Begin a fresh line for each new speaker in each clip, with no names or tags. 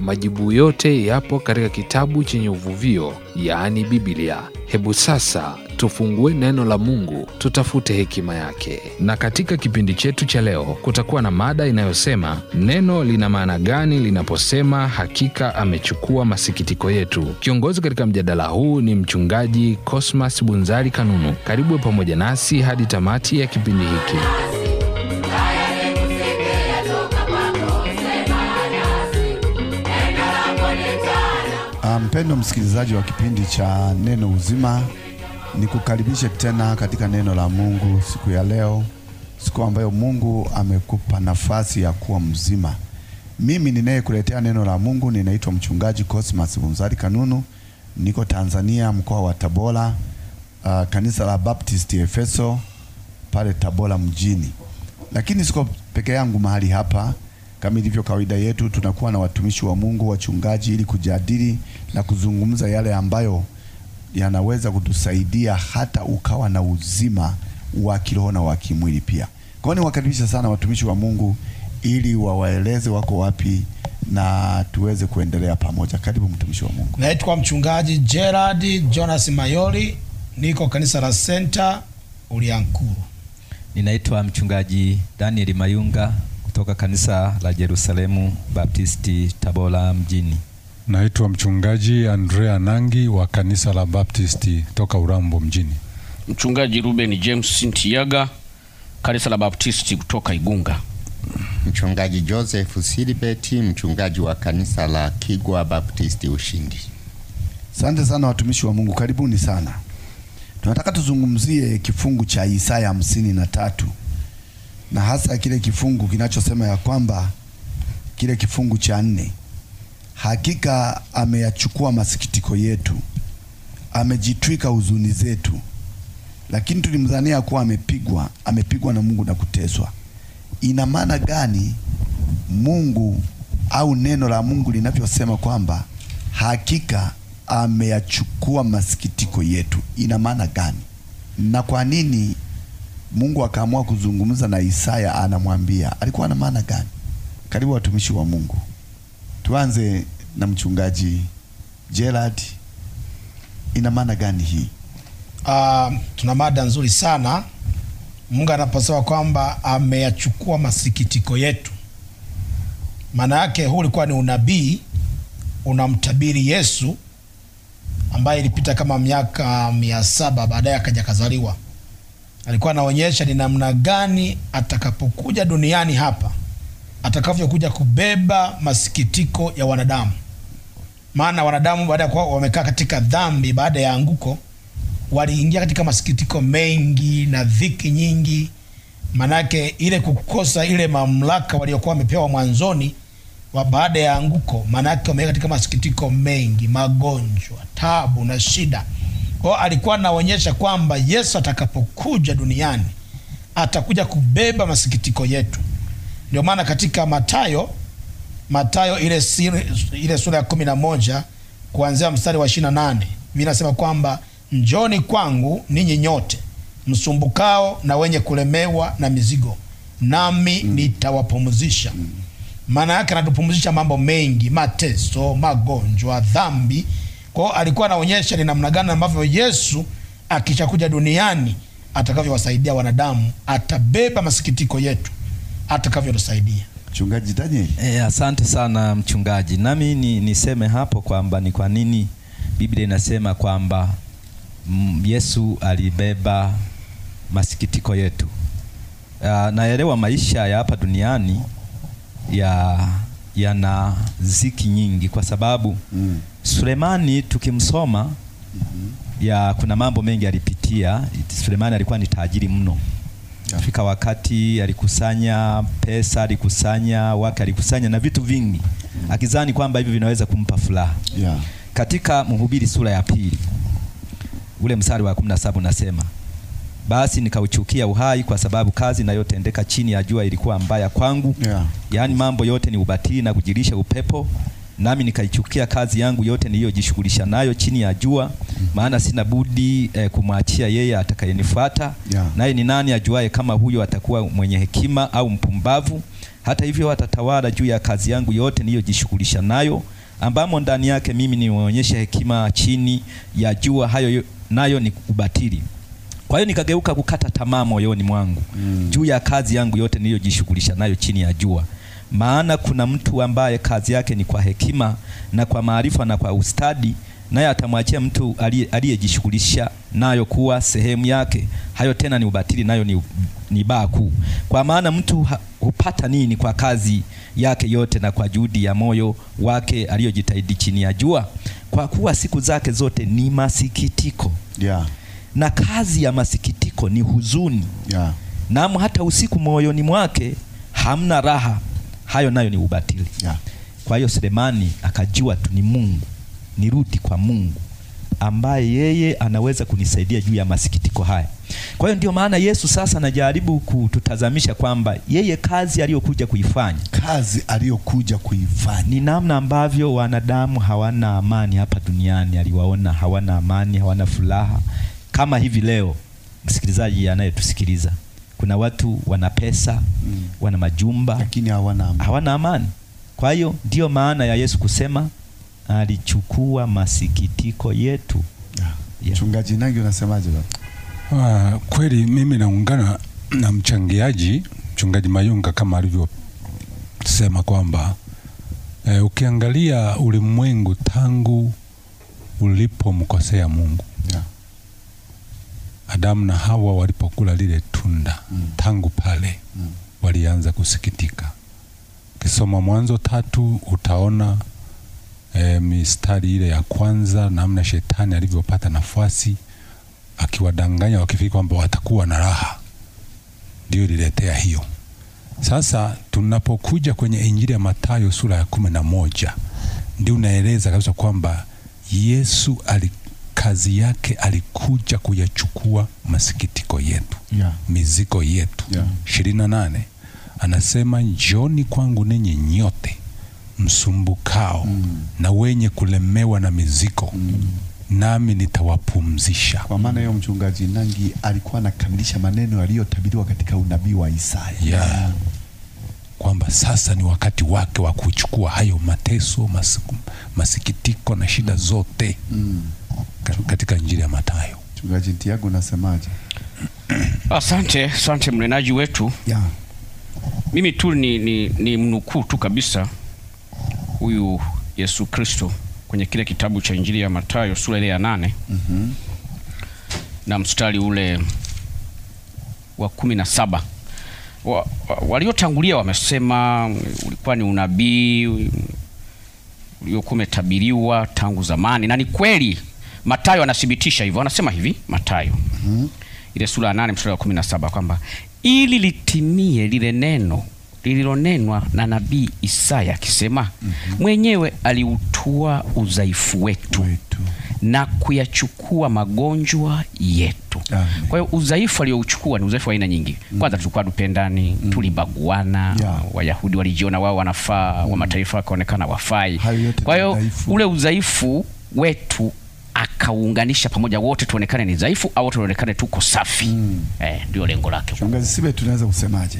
Majibu yote yapo katika kitabu chenye uvuvio, yaani Biblia. Hebu sasa tufungue neno la Mungu, tutafute hekima yake. Na katika kipindi chetu cha leo kutakuwa na mada inayosema neno lina maana gani linaposema hakika amechukua masikitiko yetu. Kiongozi katika mjadala huu ni mchungaji Cosmas Bunzari Kanunu. Karibu pamoja nasi hadi tamati ya kipindi
hiki.
Mpendo msikilizaji wa kipindi cha Neno Uzima, nikukaribishe tena katika neno la Mungu siku ya leo, siku ambayo Mungu amekupa nafasi ya kuwa mzima. Mimi ninayekuletea neno la Mungu ninaitwa mchungaji Cosmas Bunzari Kanunu, niko Tanzania, mkoa wa Tabora, uh, kanisa la Baptist Efeso pale Tabora mjini, lakini siko peke yangu mahali hapa kama ilivyo kawaida yetu, tunakuwa na watumishi wa Mungu, wachungaji, ili kujadili na kuzungumza yale ambayo yanaweza kutusaidia hata ukawa na uzima wa kiroho na wa kimwili pia. Kwa hiyo niwakaribisha sana watumishi wa Mungu ili wawaeleze wako wapi na tuweze kuendelea pamoja. Karibu mtumishi wa Mungu.
Naitwa mchungaji Gerard Jonas mayori niko kanisa la Center
Uliankuru. Ninaitwa mchungaji Daniel Mayunga kutoka kanisa la Yerusalemu Baptisti Tabora mjini. Naitwa mchungaji
Andrea Nangi wa kanisa la Baptisti toka Urambo mjini.
Mchungaji Ruben James Sintiaga kanisa la Baptisti kutoka Igunga.
Mchungaji Joseph Silibeti mchungaji wa kanisa la Kigwa Baptisti Ushindi.
Asante sana watumishi wa Mungu, karibuni sana. Tunataka tuzungumzie kifungu cha Isaya hamsini na tatu na hasa kile kifungu kinachosema ya kwamba kile kifungu cha nne, hakika ameyachukua masikitiko yetu, amejitwika huzuni zetu, lakini tulimdhania kuwa amepigwa, amepigwa na Mungu na kuteswa. Ina maana gani Mungu au neno la Mungu linavyosema kwamba hakika ameyachukua masikitiko yetu? Ina maana gani na kwa nini Mungu akaamua kuzungumza na Isaya, anamwambia alikuwa na maana gani? Karibu watumishi wa Mungu, tuanze na mchungaji Gerard, ina maana gani hii? Uh, tuna mada nzuri
sana. Mungu anaposema kwamba ameyachukua masikitiko yetu, maana yake huu ulikuwa ni unabii unamtabiri Yesu ambaye ilipita kama miaka mia saba baadaye akaja kazaliwa alikuwa anaonyesha ni namna gani atakapokuja duniani hapa atakavyokuja kubeba masikitiko ya wanadamu. Maana wanadamu baada ya kuwa wamekaa katika dhambi baada ya anguko, waliingia katika masikitiko mengi na dhiki nyingi, manake ile kukosa ile mamlaka waliokuwa wamepewa mwanzoni wa baada ya anguko, manake wameweka katika masikitiko mengi, magonjwa, tabu na shida Kwao alikuwa anaonyesha kwamba Yesu atakapokuja duniani atakuja kubeba masikitiko yetu. Ndio maana katika Matayo, Matayo ile ile sura ya kumi na moja kuanzia mstari wa ishirini na nane vinasema kwamba njoni kwangu ninyi nyote msumbukao na wenye kulemewa na mizigo, nami mm. nitawapumzisha. Maana mm. yake anatupumzisha mambo mengi, mateso, magonjwa, dhambi kwa alikuwa anaonyesha ni namna gani ambavyo Yesu akishakuja duniani atakavyowasaidia wanadamu, atabeba masikitiko yetu atakavyotusaidia.
Mchungaji Daniel. E, asante sana mchungaji. Nami ni, niseme hapo kwamba ni kwa nini Biblia inasema kwamba mm, Yesu alibeba masikitiko yetu. Uh, naelewa maisha ya hapa duniani ya yana ziki nyingi kwa sababu mm. Sulemani tukimsoma mhm. ya kuna mambo mengi alipitia. Sulemani alikuwa ni tajiri mno yeah. Fika wakati alikusanya pesa, alikusanya wake, alikusanya na vitu vingi mm. akizani kwamba hivi vinaweza kumpa furaha yeah. Katika Mhubiri sura ya pili ule mstari wa 17 unasema basi nikauchukia uhai kwa sababu kazi inayotendeka chini ya jua ilikuwa mbaya kwangu yeah. Yaani mambo yote ni ubatili na kujilisha upepo nami nikaichukia kazi yangu yote niliyojishughulisha nayo chini ya jua, maana sina budi eh, kumwachia yeye atakayenifuata. Yeah. Naye ni nani ajuaye kama huyo atakuwa mwenye hekima au mpumbavu? Hata hivyo atatawala juu ya kazi yangu yote niliyojishughulisha nayo, ambamo ndani yake mimi nimeonyesha hekima chini ya jua, hayo nayo ni ubatili. Kwa hiyo nikageuka kukata tamaa moyoni mwangu mm. juu ya kazi yangu yote niliyojishughulisha nayo chini ya jua maana kuna mtu ambaye kazi yake ni kwa hekima na kwa maarifa na kwa ustadi, naye atamwachia mtu aliyejishughulisha nayo kuwa sehemu yake. Hayo tena ni ubatili, nayo ni, ni baa kuu. Kwa maana mtu hupata nini kwa kazi yake yote na kwa juhudi ya moyo wake aliyojitahidi chini ya jua? Kwa kuwa siku zake zote ni masikitiko yeah. Na kazi ya masikitiko ni huzuni yeah. Naam, hata usiku moyoni mwake hamna raha hayo nayo ni ubatili yeah. Kwa hiyo Selemani akajua tu ni Mungu, nirudi kwa Mungu ambaye yeye anaweza kunisaidia juu ya masikitiko haya. Kwa hiyo ndio maana Yesu sasa anajaribu kututazamisha kwamba yeye kazi aliyokuja kuifanya, kazi aliyokuja kuifanya ni namna ambavyo wanadamu hawana amani hapa duniani. Aliwaona hawana amani, hawana furaha, kama hivi leo msikilizaji anayetusikiliza kuna watu wana pesa mm. wana majumba lakini hawana amani, hawana amani. Kwa hiyo ndiyo maana ya Yesu kusema alichukua masikitiko yetu. Ah, mchungaji yeah. Nangi, unasemaje baba? Uh,
kweli mimi naungana na mchangiaji mchungaji Mayunga kama alivyosema kwamba eh, ukiangalia ulimwengu tangu ulipomkosea Mungu yeah. Adamu na Hawa walipokula lile matunda mm. Tangu pale mm. walianza kusikitika. Ukisoma Mwanzo tatu utaona e, mistari ile ya kwanza, namna shetani alivyopata nafasi akiwadanganya, wakifikiri kwamba watakuwa na raha, ndio ililetea hiyo. Sasa tunapokuja kwenye Injili ya Mathayo sura ya kumi na moja ndio unaeleza kabisa kwamba Yesu ali kazi yake alikuja kuyachukua masikitiko yetu yeah. mizigo yetu yeah. na nane anasema njoni kwangu ninyi nyote msumbukao mm. na wenye kulemewa na mizigo mm. nami nitawapumzisha. Kwa maana hiyo mchungaji Nangi alikuwa anakamilisha maneno yaliyotabiriwa katika unabii wa Isaya yeah kwamba sasa ni wakati wake wa kuchukua hayo mateso masiku, masikitiko na shida zote mm. katika Injili ya Mathayo. Mchungaji Ntiago, nasemaje?
Asante, asante mnenaji wetu yeah. Mimi tu ni, ni, ni mnukuu tu kabisa huyu Yesu Kristo kwenye kile kitabu cha Injili ya Mathayo sura ile ya nane mm -hmm. na mstari ule wa kumi na saba waliotangulia wamesema ulikuwa ni unabii uliokuwa umetabiriwa tangu zamani, na ni kweli. matayo anathibitisha hivyo, anasema hivi matayo mm -hmm. ile sura ya 8 mstari wa 17 kwamba ili litimie lile neno lililonenwa na nabii Isaya akisema, mm -hmm. mwenyewe aliutua udhaifu wetu Wetu na kuyachukua magonjwa yetu. Kwa hiyo udhaifu aliouchukua ni udhaifu wa aina nyingi. Mm. Kwanza tulikuwa tupendani mm. tulibaguana yeah. Wayahudi walijiona wao wanafaa mm. wa mataifa wakaonekana wafai. Kwa hiyo ule udhaifu wetu akauunganisha pamoja, wote tuonekane ni dhaifu au tuonekane tuko safi mm. Eh, ndio lengo lake.
Chungazi Sibe, tunaweza kusemaje?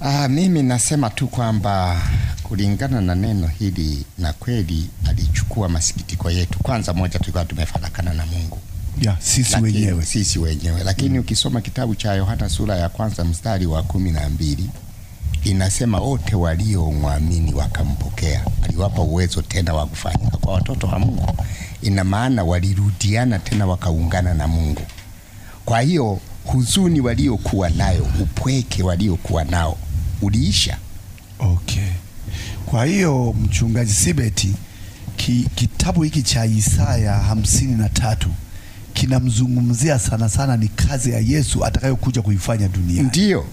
Ah, mimi nasema tu kwamba kulingana na neno hili, na kweli alichukua masikitiko yetu. Kwanza moja, tulikuwa tumefarakana na Mungu ya, sisi lakini, wenyewe sisi wenyewe lakini mm. Ukisoma kitabu cha Yohana sura ya kwanza mstari wa kumi na mbili inasema wote waliomwamini wakampokea, aliwapa uwezo tena wa kufanyika kwa watoto wa Mungu. Ina maana walirudiana tena wakaungana na Mungu. Kwa hiyo huzuni waliokuwa nayo, upweke waliokuwa nao uliisha.
Okay. Kwa hiyo mchungaji Sibeti ki, kitabu hiki cha Isaya hamsini na tatu kinamzungumzia sana sana ni kazi ya Yesu atakayokuja kuifanya duniani. Ndio.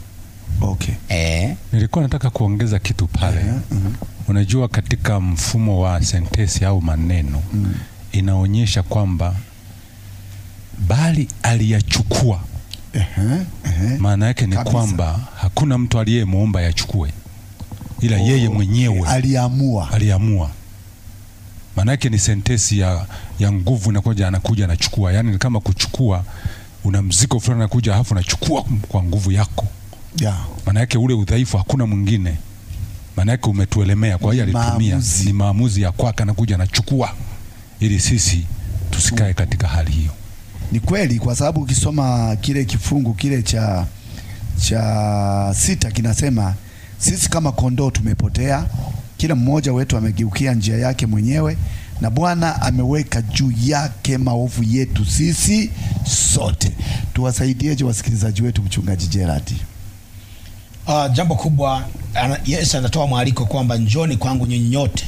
Okay. Eh,
nilikuwa nataka kuongeza kitu pale. Eh, mm. Unajua katika mfumo wa sentesi au maneno mm. inaonyesha kwamba bali aliyachukua. Eh, eh. Maana yake ni kwamba hakuna mtu aliyemwomba yachukue ila yeye oh, mwenyewe aliamua, aliamua. Maana yake ni sentesi ya, ya nguvu inakuja, anakuja anachukua, yani ni kama kuchukua, una mzigo fulani anakuja, halafu anachukua kwa nguvu yako yeah. Maana yake ule udhaifu hakuna mwingine, maana yake umetuelemea. Kwa hiyo alitumia, ni maamuzi ya kwake, anakuja anachukua, ili sisi tusikae mm. katika hali hiyo. Ni kweli, kwa sababu ukisoma kile
kifungu kile cha cha sita kinasema sisi kama kondoo tumepotea, kila mmoja wetu amegeukia njia yake mwenyewe, na Bwana ameweka juu yake maovu yetu sisi sote. Tuwasaidieje wasikilizaji wetu, mchungaji Gerard?
Uh, jambo kubwa ana, Yesu anatoa mwaliko kwamba njoni kwangu nyinyi nyote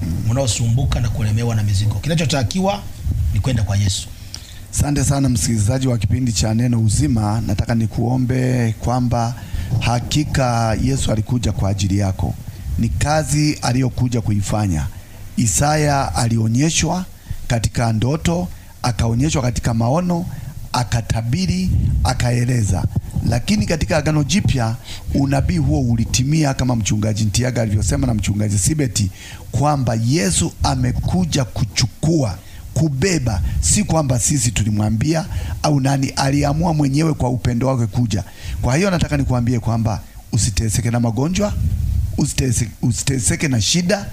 hmm. mnaosumbuka na kulemewa na mizigo.
Kinachotakiwa ni kwenda kwa Yesu. Asante sana msikilizaji wa kipindi cha Neno Uzima, nataka nikuombe kwamba Hakika Yesu alikuja kwa ajili yako, ni kazi aliyokuja kuifanya. Isaya alionyeshwa katika ndoto, akaonyeshwa katika maono, akatabiri, akaeleza. Lakini katika Agano Jipya unabii huo ulitimia, kama mchungaji Ntiaga alivyosema na mchungaji Sibeti kwamba Yesu amekuja kuchukua kubeba, si kwamba sisi tulimwambia au nani, aliamua mwenyewe kwa upendo wake kuja. Kwa hiyo nataka nikuambie kwamba usiteseke na magonjwa, usiteseke, usiteseke na shida.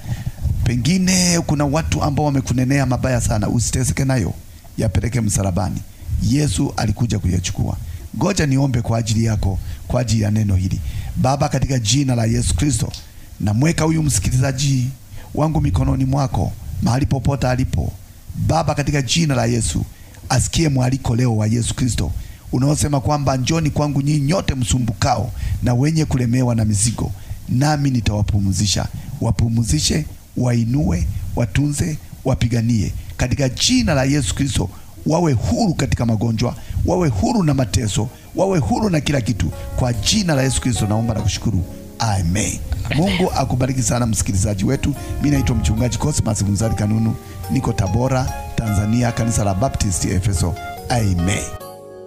Pengine kuna watu ambao wamekunenea mabaya sana, usiteseke nayo, yapeleke msalabani. Yesu alikuja kuyachukua. Ngoja niombe kwa ajili yako, kwa ajili ya neno hili. Baba, katika jina la Yesu Kristo, namweka huyu msikilizaji wangu mikononi mwako, mahali popote alipo Baba, katika jina la Yesu, asikie mwaliko leo wa Yesu Kristo unaosema kwamba njoni kwangu nyinyi nyote msumbukao na wenye kulemewa na mizigo, nami nitawapumzisha. Wapumzishe, wainue, watunze, wapiganie katika jina la Yesu Kristo. Wawe huru katika magonjwa, wawe huru na mateso, wawe huru na kila kitu. Kwa jina la Yesu Kristo naomba na kushukuru, amen. Mungu akubariki sana msikilizaji wetu. Mimi naitwa mchungaji Cosmas Bunzari Kanunu, niko Tabora, Tanzania, kanisa la Baptist Efeso. Amen.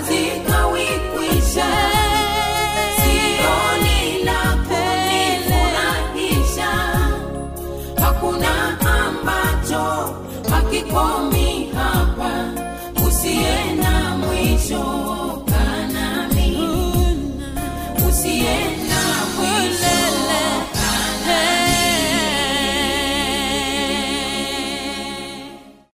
quase